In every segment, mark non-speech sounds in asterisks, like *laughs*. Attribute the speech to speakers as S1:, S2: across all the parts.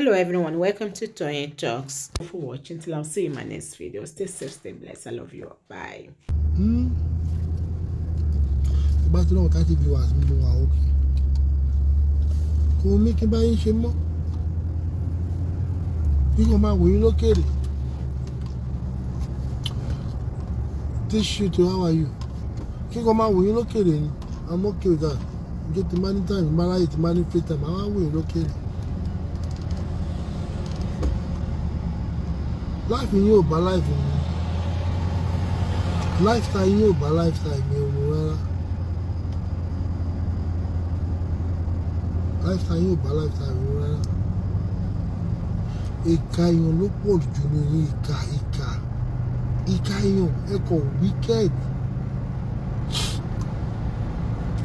S1: hello everyone welcome to Toyeen Talks Thank you for watching till i'll see you in my next video stay safe stay blessed i love you bye hmm? bá ti náà thirty viewers mi ló wà òkè kò mí kí n bá yín ṣe mọ́ bí kò máa wò yín lókèrè tíṣù How are you? kí kò máa wò yín lókèrè ni I'm okay with that ojú ti máa ní time ìmárayè ti máa ní free time àwọn á wò yín lókèrè. Life in ò bá life in, lifetime yín ò bá lifetime, mi ò mú rárá lifestyle yín ò bá lifestyle mi rárá ìka èèyàn ló pọ̀ jù ní yín ìka ìka ìka èèyàn ẹ kọ wicked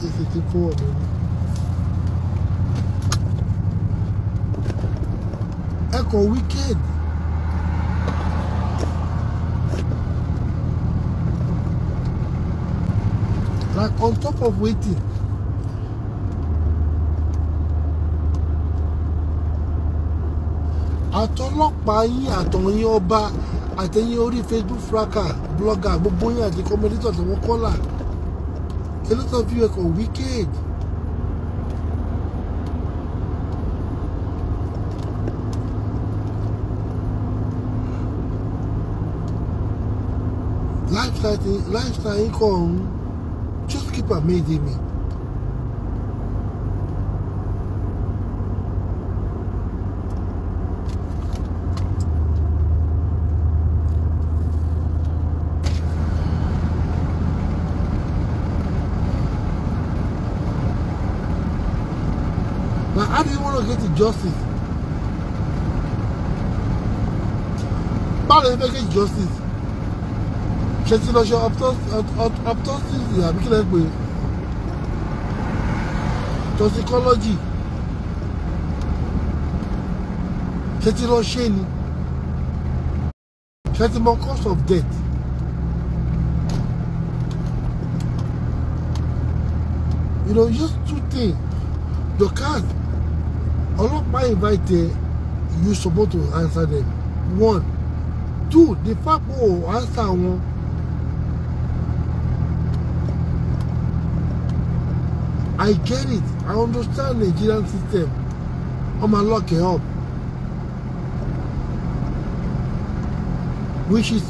S1: èsì tí kò wọ̀ lórí. ẹ kọ wicked. like on top of waiting àtọlọ́pàá yín àtọ̀yìn ọba àtẹ̀yìn orí facebook fraka blogger gbogbo yín àti commentator tó wọ́n kọ́là a lot of you are wicked. lifestyle yín kọ̀ ọ̀hún people have made Now, how do you want to get to justice? How do you get justice? ṣe ti lọ ṣe autopsy àbí kílẹ̀ pé toxicology ṣe ti lọ ṣe ni ṣe ti mọ cause of death. you know just two things your card of my there you supposed to answer them one two the fact pé answer one. I get it. I understand the Nigerian system. I'm lock it up. Which is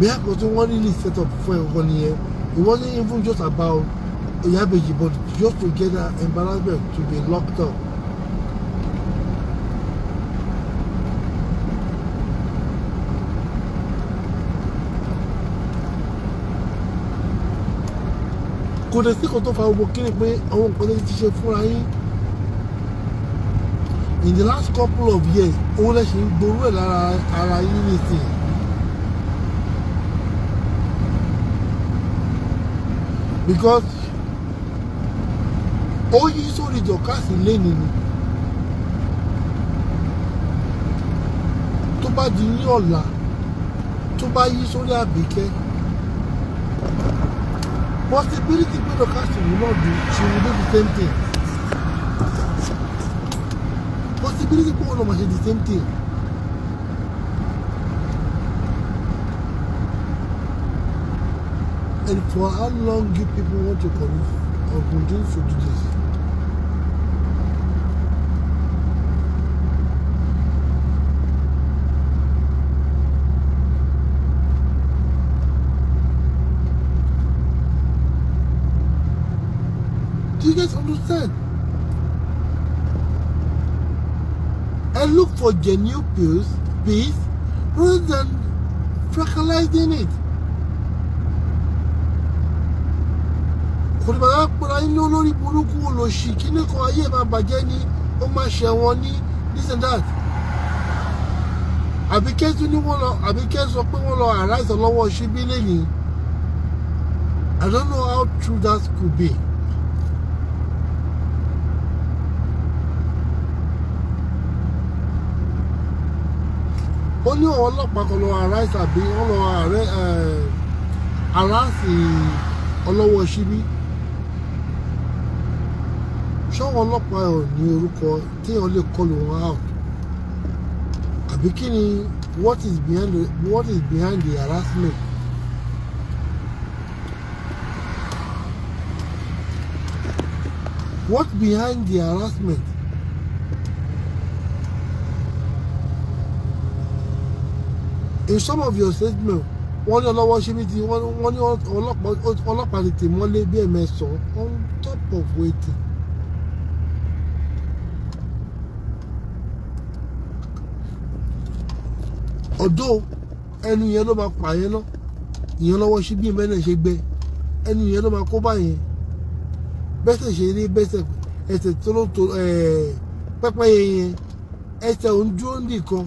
S1: bí àkótó wọn really set up for one year. It wasn't even just about Oyabeji but just to get that embarrassment to be locked up. kò dẹ̀ sí kan tó fa gbogbo kíni pé àwọn nǹkan tó ti ṣe fúnra yín in the last couple of years owó lẹ ṣe ń gború ẹ̀ lára ara yín nìsín. because ó yí sórí jọ̀kásì lẹ́nu ni tó bá di ní ọ̀la tó bá yí sórí àbíkẹ́. Possibility the Pentecostal will not do, she will do the same thing. Possibility Paul will do the same thing. And for how long do people want to continue, or continue to do this? always And look for genuine peace, peace rather than fracalizing it. kò ní bàbá pọ̀lá nínú olórí burúkú olóṣì kíní kan ayé máa bàjẹ́ ni ó máa ṣẹ̀wọ̀n ní this and that. àbíkẹ́ tún ní wọ́n lọ àbíkẹ́ sọ pé wọ́n lọ àráìsàn lọ́wọ́ ṣíbí lẹ́yìn. I don't know how true that could be. ó ní àwọn ọlọ́pàá kan lọ arise àbí wọ́n lọ arise ọlọ́wọ́ síbí ṣọ́wọ́ ọlọ́pàá ẹ̀ ní orúkọ téèyàn lè kọlù wọn out àbí kí ni what is behind the what is behind the harassment what behind the harassment in some of your statement wọ́n ní ọlọ́wọ́ ṣe mí ti wọ́n ní ọlọ́pàá tètè mọ́lé bí ẹ̀mẹ́sàn-án on top of waiting. ọ̀dọ́ ẹnu yẹn ló máa pa yẹn náà ìyẹn lọ́wọ́ sí bí mẹ́rin ṣe gbẹ ẹnu yẹn ló máa kó báyẹn bẹ́sẹ̀ ṣe rí bẹ́sẹ̀ ẹsẹ̀ tó ló tó pẹ́pẹ́ yẹn yẹn ẹsẹ̀ òun dúró nìkan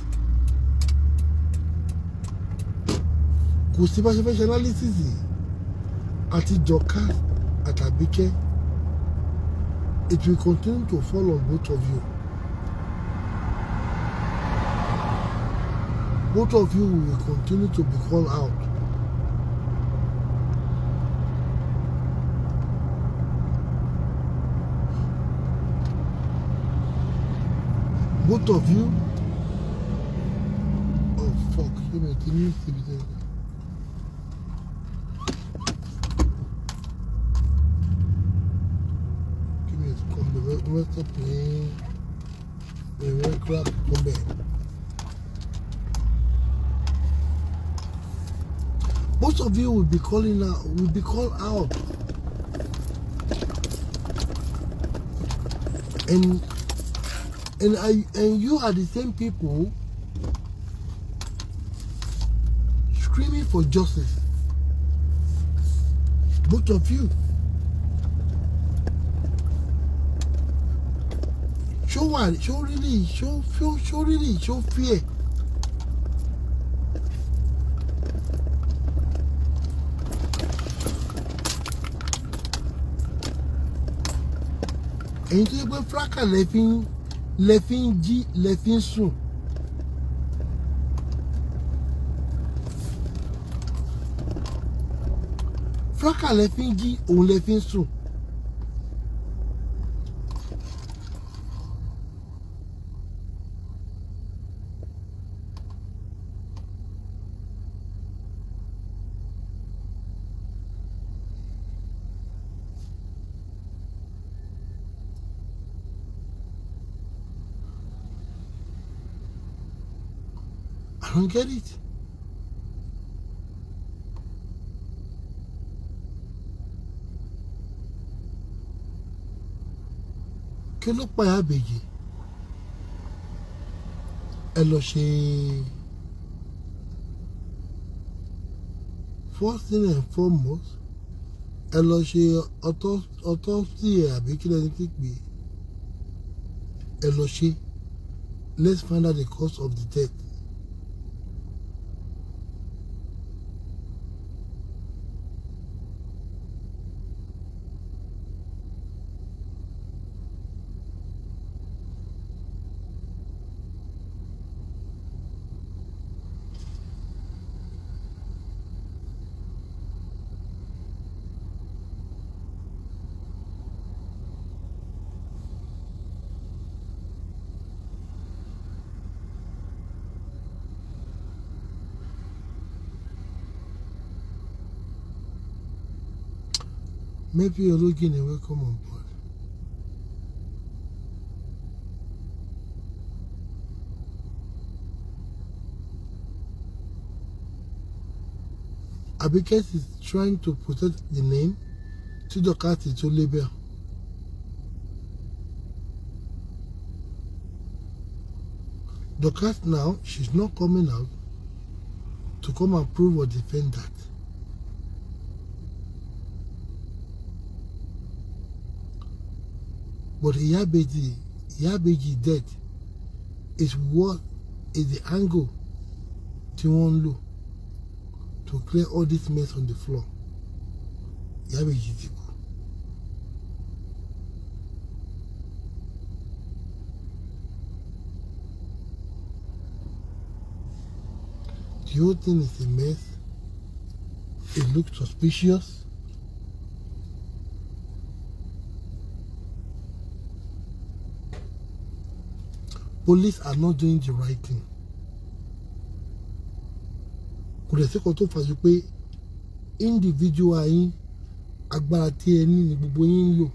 S1: kò sí bá ṣe fẹ́ ṣe analysis àti jọ̀ká àtàbíkẹ́ it will continue to fall on both of you both of you will continue to be called out both of you oh fuck you may continue to be there. tó pé èrò ìkúrà kúkú bẹ́ẹ̀. Most of you will be calling out, will be called out. And and I and you are the same people screaming for justice. Both of you. ṣó wà ṣó rírì Show show ṣó rírì ṣó fi ẹ̀. èyí tó yẹ pé fúlákà lẹ fi ń lẹ fi ń jí lẹ fi ń sùn. fúlákà lẹ fi ń jí òun lẹ fi ń sùn. don't get it. kí ló pa Ìyábẹ̀jì ẹ lọ ṣe first thing and foremost ẹ lọ ṣe autopsy àbí kí lẹni tí pè ẹ lọ ṣe let's find out the cause of the death. Maybe your looking and welcome on board. Abikes is trying to protect the name to the cat to label. The cat now, she's not coming out to come and prove or defend that. But Iyabeji, Iyabeji dead. is what is the angle to wọ́n ń to clear all this mess on the floor. Iyabeji ti kú. The whole thing is a mess. It looks suspicious. police are not doing the right thing kò dẹ̀ síkan tó fàṣọ pé individual yín agbára tí ẹ ní gbogbo yín ń lò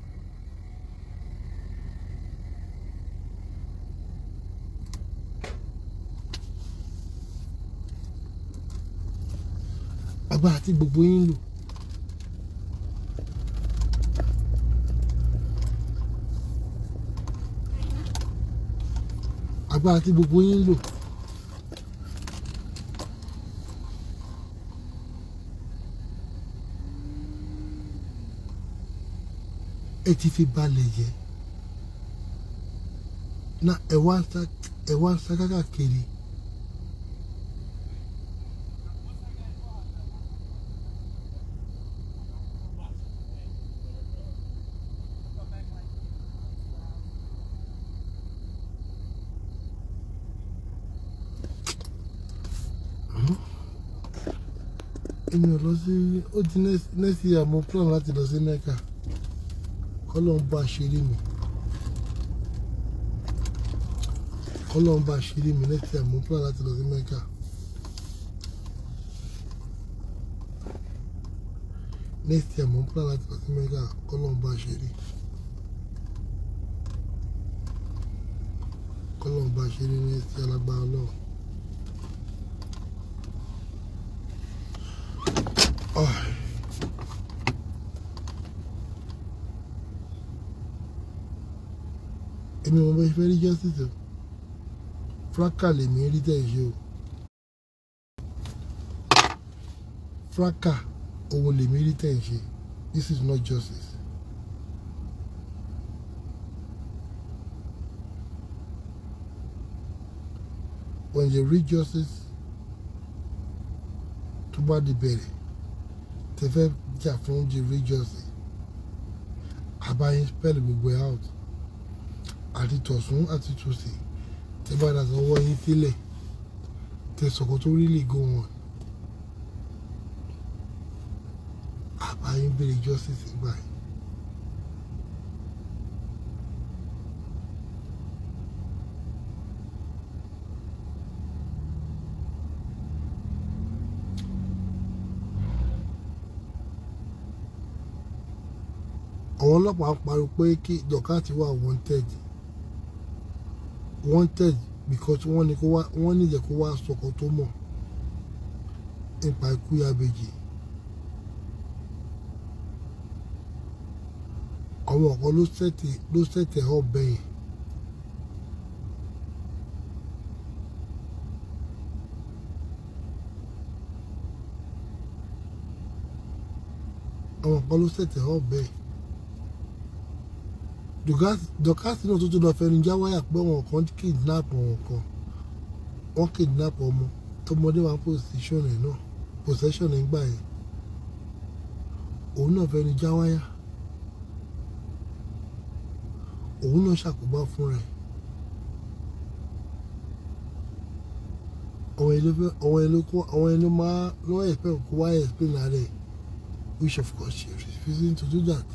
S1: agbára tí gbogbo yín ń lò agbára tí gbogbo yín ń lò. ẹ ti fi balẹ̀ yẹ na ẹ wá sá káàkiri. mi ò lọ sí ó ti next year mo plan láti lọ sí Mecca kọ́lọ́n bá ṣeré mi kọ́lọ́n bá ṣeré mi next year mo plan láti lọ sí Mecca. next year plan láti lọ sí Mecca kọ́lọ́n bá ṣeré. kọ́lọ́n bá ṣeré next year lágbára náà. fẹ́ rí justice o fraka lèmi rí tẹ̀ ṣe o fraka òun lèmi rí tẹ̀ ṣe this is not justice. when you read justice tó bá di bẹ̀rẹ̀ tẹ fẹ́ jà fún the read justice àbáyé spell gbogbo out àti tọ̀sún àti tòsì tẹ padà sọwọ́ yín sílẹ̀ tẹ sọ̀kọ́ tó rí lè go wọn. àbá yín béèrè justice gbà yín. àwọn ọlọ́pàá pariwo pé kí dọ̀kátì wà wanted wanted because wọ́n ní kó wá wọ́n ní ìyẹ̀ kó wá sọ̀kọ̀ tó mọ̀ nípa ikú Ìyábẹ̀jì àwọn ọ̀kan ló sẹ̀tẹ̀ ló sẹ̀tẹ̀ ọbẹ̀ yẹn àwọn ọ̀kan ló sẹ̀tẹ̀ ọbẹ̀ yẹn dọkasi náà tuntun lọ fẹnu já wáyà pé wọn kan kidnap wọn kan wọn kidnap ọmọ tọmọdé wa position ẹ náà possession ẹ gbà yẹn òun náà fẹnu já wáyà òun náà ṣàkóbá fúnra ẹ̀ àwọn ẹni fẹ́ àwọn ẹni kó àwọn ẹni máa lọ́wọ́ ẹ̀fẹ́ kó wáyà ẹ̀fẹ́ náà rẹ̀ which of course she is refusing to do that.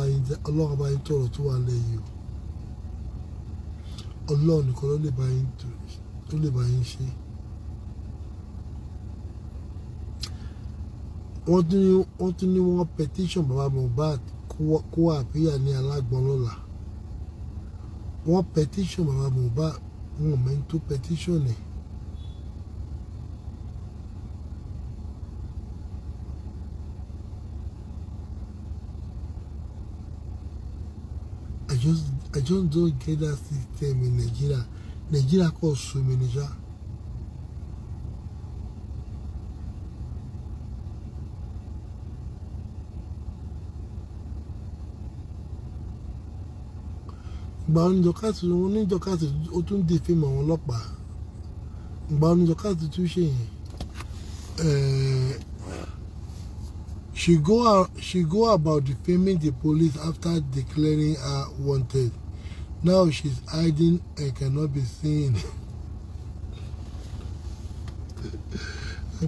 S1: ọlọ́run bá yín tọ̀rọ̀ tó wà lẹ́yìn o ọlọ́run nìkan ló lè bá yín tó lè bá yín ṣe. wọ́n tún ní wọ́n tún ní wọ́n petition bàbá Mohbad kó àbíyà ní alágbọ̀n wọ́n petition bàbá Mohbad wọn mẹ́ni petition ni. just I just don't get that system in Nigeria. Nigeria calls so many jobs. ìgbà oníjọkàtì oníjọkàtì ó tún dè fíìmù àwọn ọlọ́pàá ìgbà oníjọkàtì tún ṣèyìn She go, out. she go about defaming the police after declaring her wanted. Now she's hiding and cannot be seen. *laughs*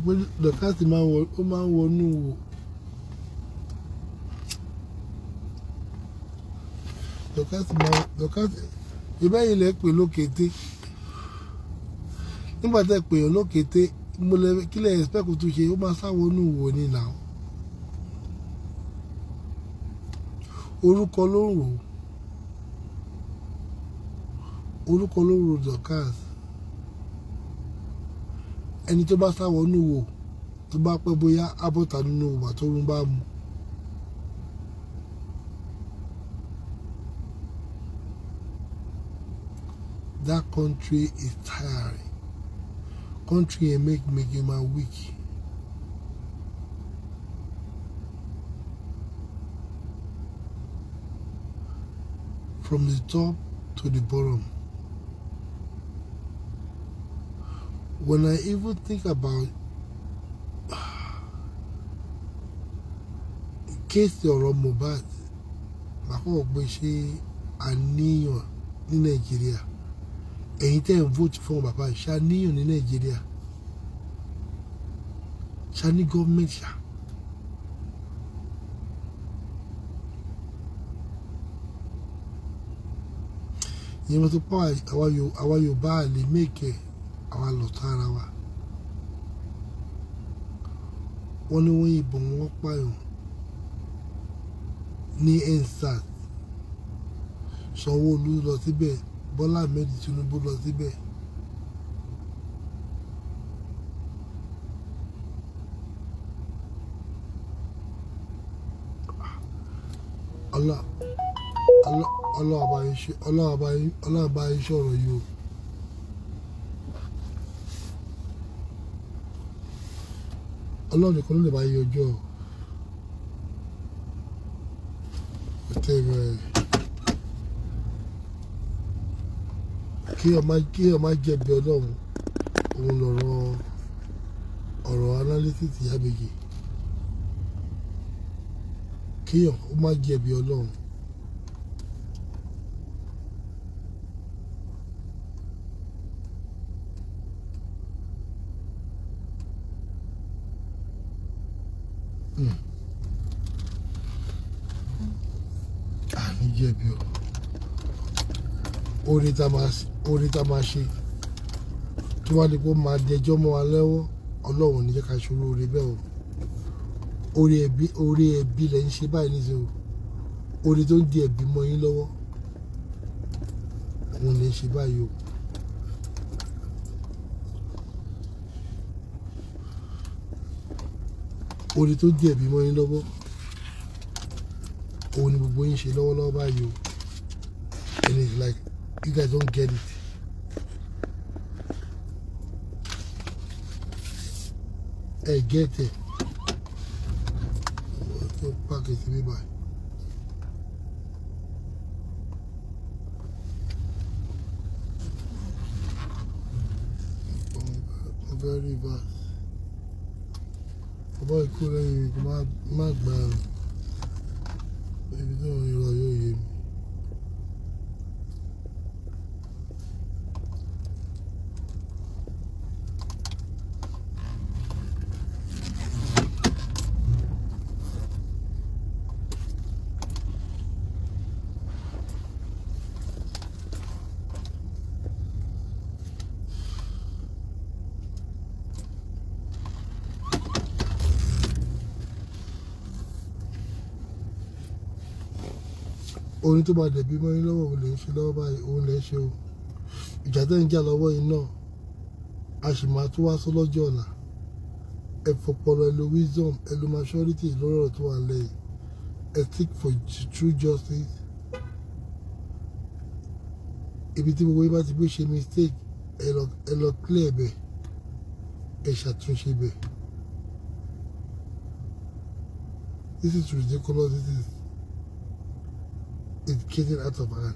S1: The first man will, oh man will know. The cast man, the cast, ibẹ̀ yìí lẹ pè lókété. Nígbà tẹ́ pè lókété, mo lẹ kí lẹ expect tó ṣe, The máa sáwọnú wò ní now. orúkọ ló ń rò orúkọ ló ń rò Dorkas ẹni tó bá sáwọ inú wò tó bá pẹ́ bóyá abọ́ta nínú wà tó ń bá mu. That country is tiring. Country yẹn make make him a weak. from the top to the bottom. When I even think about kéèsì *sighs* ọ̀rọ̀ Mohbad lákọ̀ọ́ pé ṣé àníyàn ní Nàìjíríà ẹ̀yin tẹ́ ń vote fún bàbá ṣàníyàn ní Nàìjíríà ṣá ní gọ́ọ̀mẹ̀ntì ṣáà. ìyẹn mọ́tò pàwọ́ àwa Yorùbá lè mẹ́kẹ̀ àwa lọ́tọ̀ ara wa wọ́n ní wọ́n yìnbọn wọ́n pààyàn ní ensas Sanwó-Olú lọ síbẹ̀ Bọ́lá Ahmed Tinubu lọ síbẹ̀ ah, Allah Allah ọlọ́run bá yín sọ̀rọ̀ yìí o. ọlọ́run nìkan ló lè bá yín ọjọ́ o. tẹ ẹ kí ọmọ kí ọmọ jẹ̀bi Ọlọ́run òun lọ̀rọ̀ ọ̀rọ̀ analytics yàgbégi kí ọmọ jẹ̀bi Ọlọ́run. àní hmm. jẹ̀bi o orí tá a máa ṣe tó wá ní kó máa dẹjọ́ mọ́ wa lẹ́wọ́ ọlọ́run ní jẹ́ ká ṣòro orí bẹ́ẹ̀ o orí ẹbí orí ẹbí lẹ́yìn ṣe báyìí nísìnyí o orí tó ń di ẹbí mọ́ yín lọ́wọ́ òun lè ṣe báyìí o. orí tó jẹ̀bi mọ́ yín lọ́wọ́ òun ni gbogbo yín ṣe lọ́wọ́lọ́wọ́ báyìí o and it's like you guys don't get it. ẹ gẹ́tẹ̀ tó pàkẹ́tì bíbá. Very bad. bọ́ ìkú lẹ́yìn má gbà ibi my, òun yọ orí tó máa dẹ̀bi mọ́ lọ́wọ́ òun lè ṣe lọ́wọ́ báyìí òun lè ṣe o ìjà tẹ́ ń jà lọ́wọ́ yín a sì máa tún wá sọ lọ́jọ́ ọ̀la ẹ fọpọlọ ẹ wisdom ẹ maturity lórí ọ̀rọ̀ tó wà lẹ́yìn ẹ for true justice ibi tí gbogbo yín bá ti gbé ṣe mistake ẹ lọ clear bẹ ẹ ṣàtúnṣe bẹ this is ridiculous this is is getting out of hand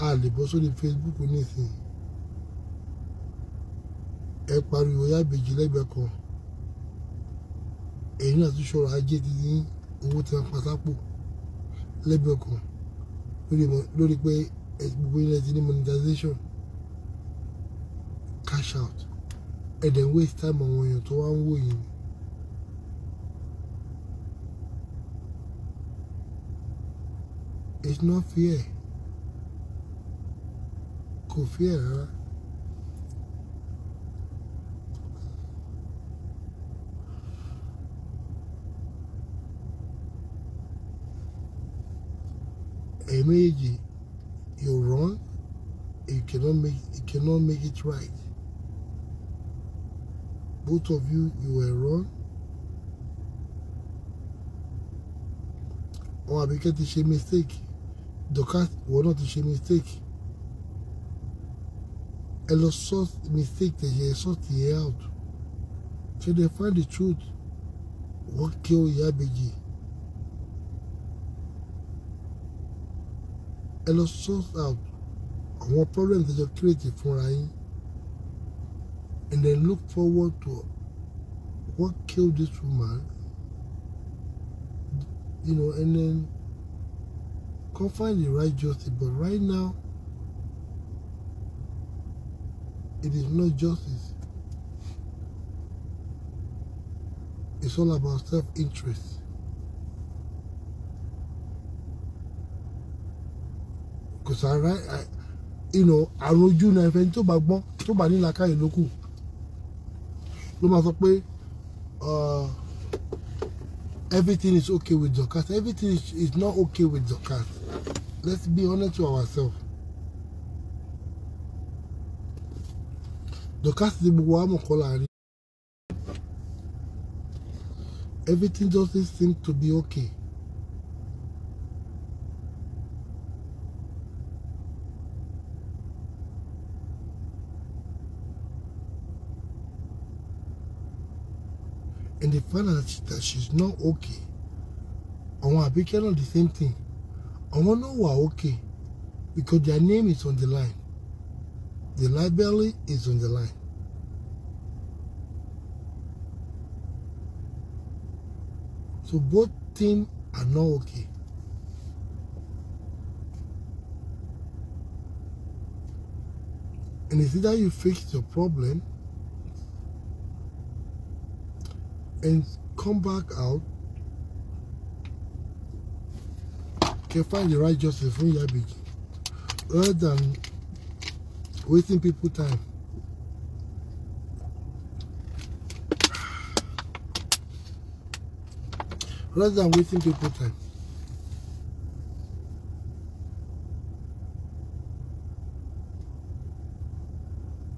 S1: a lè bọ́ sórí Facebook nísìnyí ẹ pariwo yábèjì lẹ́gbẹ̀ẹ́ kan èyí náà tún ṣọ̀rọ̀ ajé ti ní owó tí wọ́n pa sápò lẹ́gbẹ̀ẹ́ kan lórí pé gbogbo ilẹ̀ ti ní monetization cash out ẹ̀dẹ̀ waste time on èèyàn tó wá ń wò it's not fear, kò fear. rárá. ẹ̀yin méjèèjì wrong you cannot make you cannot make it right both of you you were wrong or àbíkẹ́ ti ṣe mistake. Dorcas ìwọ not ti ṣe mistake ẹ lọ sort mistake tẹ̀yẹ sort yẹ out ṣe dey find the truth what kí ó ìyá ìbejì ẹ lọ sort out àwọn problem tẹ̀jọ create fúnra yín and then look forward to what killed this woman you know and then can find the right justice. But right now, it is not justice. It's all about self-interest. Because I, I, you know, àròjù náà you tó bá gbọ́n tó bá ní làákàyè lókù ló máa sọ pé uh, everything is okay with Dorcas everything is, is not okay with Dorcas Let's be honest to ourselves. The gbogbo wa mọ̀ kọ́lá rí. Everything doesn't seem to be okay. And the fact that, that she's not okay, I want to be náà the same thing àwọn know wà okay because their name is on the line the library is on the line. So both teams are not okay. And it's either you fix your problem and come back out can find the right justice from ìyá rather than wasting people time. rather than wasting people time.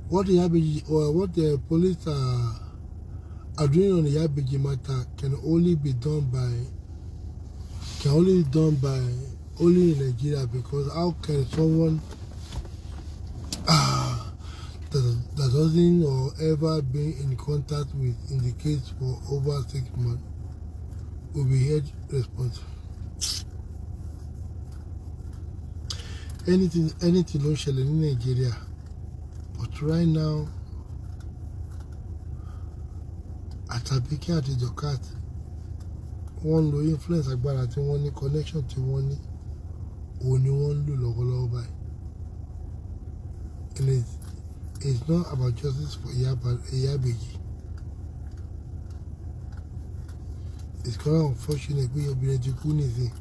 S1: What the Yabeji or uh, what the police are, are doing on the Yabeji matter can only be done by can only be done by only in Nigeria because how can someone uh, that, that doesn't or ever been in contact with in the case for over six months will be held responsible. Anything, anything ló ń in Nigeria but right now Àtàbí kí àti Jọ̀kátì wọ́n ń lo influence agbára tí wọ́n ní connection tí wọ́n ní òun ni wọ́n ń lò lọ́wọ́lọ́wọ́ báyìí and it's, it's not about justice for Iyabeji it's kind of unfortunate pé obìnrin ti kú nìsín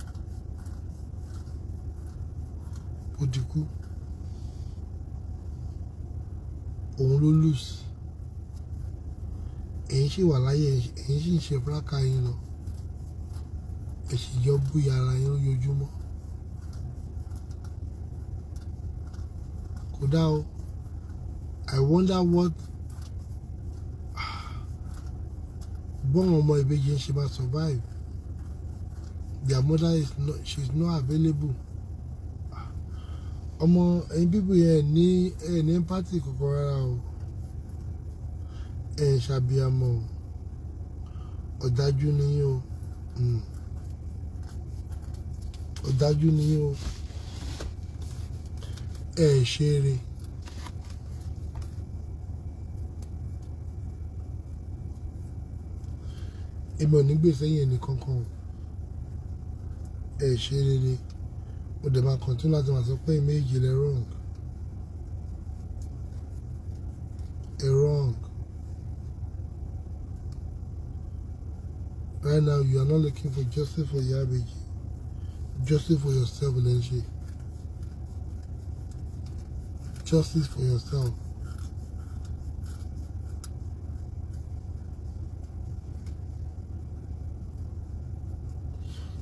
S1: ó ti kú òun ló lùsì èyí sì wà láyé èyí sì ń ṣe fúlákà yín lọ ẹ sì yọ ara yín lójoojúmọ́ kò dá o I wonder what *sighs* Born ọmọ ìbejì ṣe máa survive their mother is not she is not available *sighs* ọmọ ẹ̀yin bíbù yẹn ní ẹ ní empathy kankan rárá o ẹ ṣàbíamọ ọ̀dájú nìyí o. Hmm ọ̀dájú ni o ẹ ṣe eré. èmi ò ní gbèsè yẹn ní kankan o ẹ ṣe rere mo dẹ̀ máa kọ̀ntínú láti máa sọ pé méjì lẹ wrong ẹ wrong right now you are not looking for justice for your Iyabeji Justice for yourself, Lenji. Justice for yourself.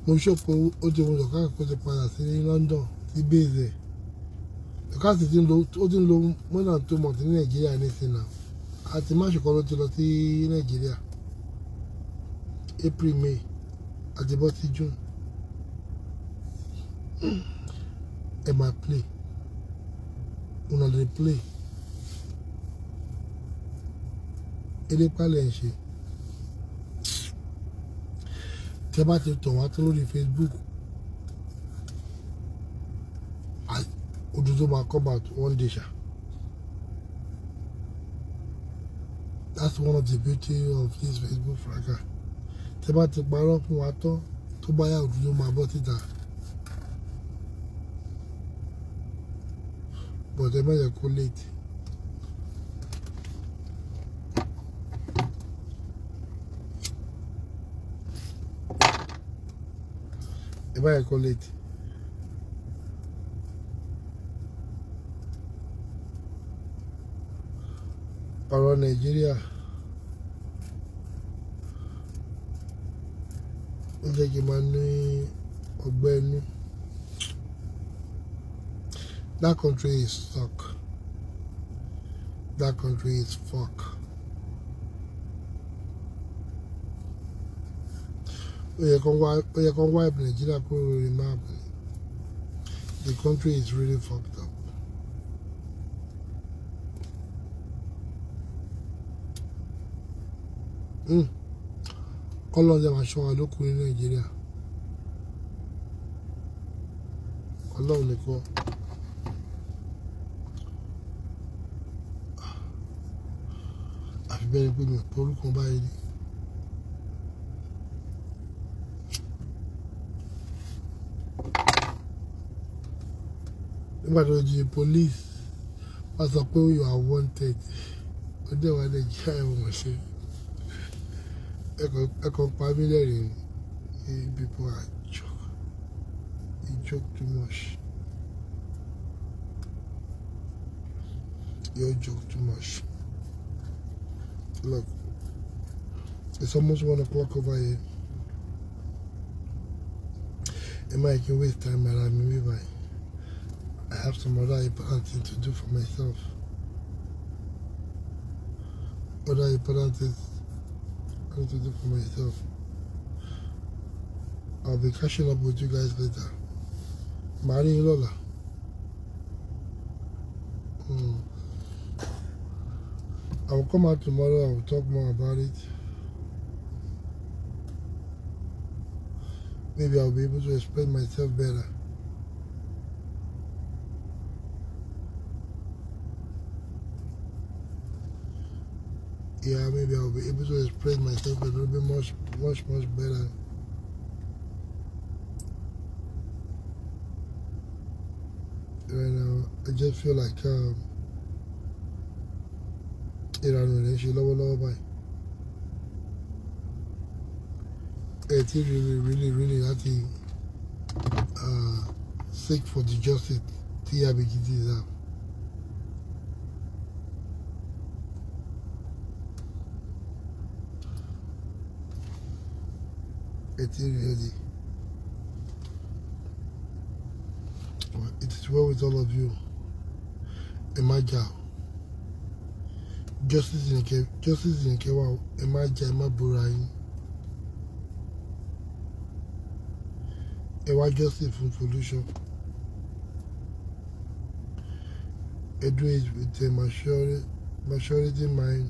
S1: mo ṣọ́pọ̀ ó ti wọ lọ́ka kó ti padà sí London sí bèèrè lọ́ka sì ti ń lo ó ti ń lo mọ́nà tó mọ̀ sí Nàìjíríà nísìnyà àti máṣùkọ́ ló ti lọ sí Nàìjíríà April May àti bọ́ sí June ẹ máa play una dey play eré pálẹ̀ ń ṣe tẹ bá ti tàn wá tó lórí Facebook ojú tó máa come out one day ṣá that's one of the beauty of this Facebook fracas tẹ bá ti parọ́ fún wa Facebook. tó bá yà ojú tó máa bọ́ but ẹ má jẹ́ kó late. ẹ má jẹ́ kó late. ọ̀rọ̀ nàìjíríà ó jẹ́ kí n máa That country is stuck. That country is fuck. We are going. wá, ó yẹ kán wipe Nigeria kúrò lórí máàpù. The country is really fucked up. Hmm. Ọlọ́run jẹ́ máa ṣọ́ wa lókun ní Nàìjíríà. Ọlọ́run nìkan. bẹ́ẹ̀ pé mi ò pé orúkọ báyìí rí. nígbà tó di police wá sọ pé you are wanted ó dẹ̀ wá lè jẹ́ ẹ̀wọ̀n ṣe ẹ̀kọ́ pa mí lẹ́rìn ní people are joke e joke too much you joke too much. Look, it's almost one o'clock over here. Am I can waste time around me by. I have some other important things to do for myself. Other important things I need to do for myself. I'll be catching up with you guys later. Marie Lola. I will come out tomorrow I will talk more about it. Maybe I'll be able to explain myself better. Yeah, maybe I'll be able to explain myself a little bit much, much, much better. Right now, I just feel like um, ìranù rẹ̀ ń ṣe lọ́wọ́lọ́wọ́ báyìí ẹ ti really really really láti seek for the justice tí Abẹ́jí deserve. It is ready. It is well with all of you. Imagine justice nìkẹ́ justice nìkẹ́ wà ẹ má jà ẹ má bora yín ẹ wá justice fún pollution ẹ do with a maturity, maturity mind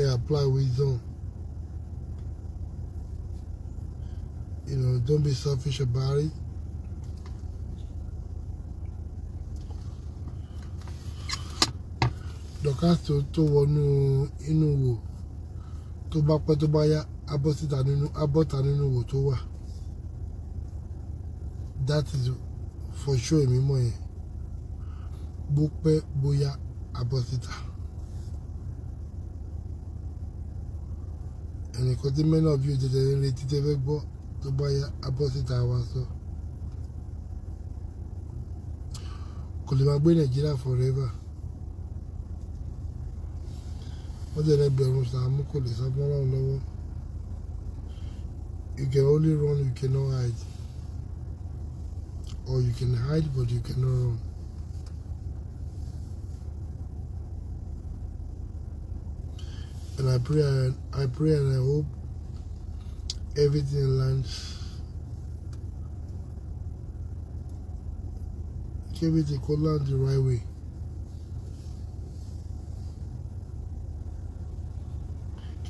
S1: ẹ apply wisdom you know don't be selfish about it. Dorkas tó wọnú inú wò tó bá pẹ́ tó bá yá abọ́síta nínú abọ́ta nínú wò tó wà that is for sure èmi mọ̀ yẹn bó pẹ́ bóyá abọ́síta. ẹnìkan tí mẹ́nà bí o tẹ̀tẹ̀ ń retí tẹ́ fẹ́ gbọ́ tó bá yá abọ́síta wa sọ. kò lè máa gbé Nàìjíríà forever. wọ́n jẹ́ ẹgbẹ̀rún sàmú kò lè sá fún ọlọ́run lọ́wọ́ you can only run you cannot hide or you can hide but you cannot run. And I pray, and I pray and I hope everything lands. Everything could land the right way.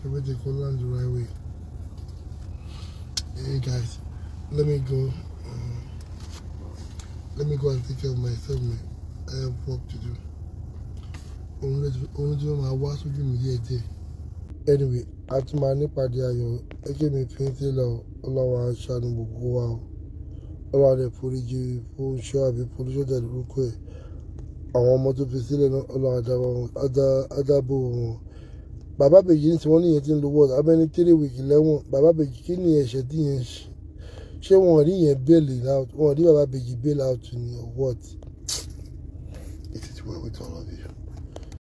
S1: everything will land the right way. Hey guys, let me go. Um, let me go and take care of myself, man. I have work to do. Only do my work to give me here day. Anyway, at my àti máa nípàdé ayọ̀ ẹgbẹ́ mi fi ń sílẹ̀ ọlọ́wà aṣáájú gbogbo wa o ọlọ́wà rẹ̀ foríjì fóúnṣọ́ àbí fóúnṣọ́ look lórúkọ ẹ̀ àwọn ọmọ tó fi sílẹ̀ náà ọlọ́wà adábọ̀ wọn bàbá bèjì ní tiwọn níyẹn ti ń lo wọ́ọ̀dù abẹ́ni three week lẹ́wọ̀n bàbá bèjì kí ni ẹ̀ṣẹ̀ tí yẹn ṣe ṣé wọn rí yẹn bail out wọn rí bàbá bèjì bail out ni or what. it is well with all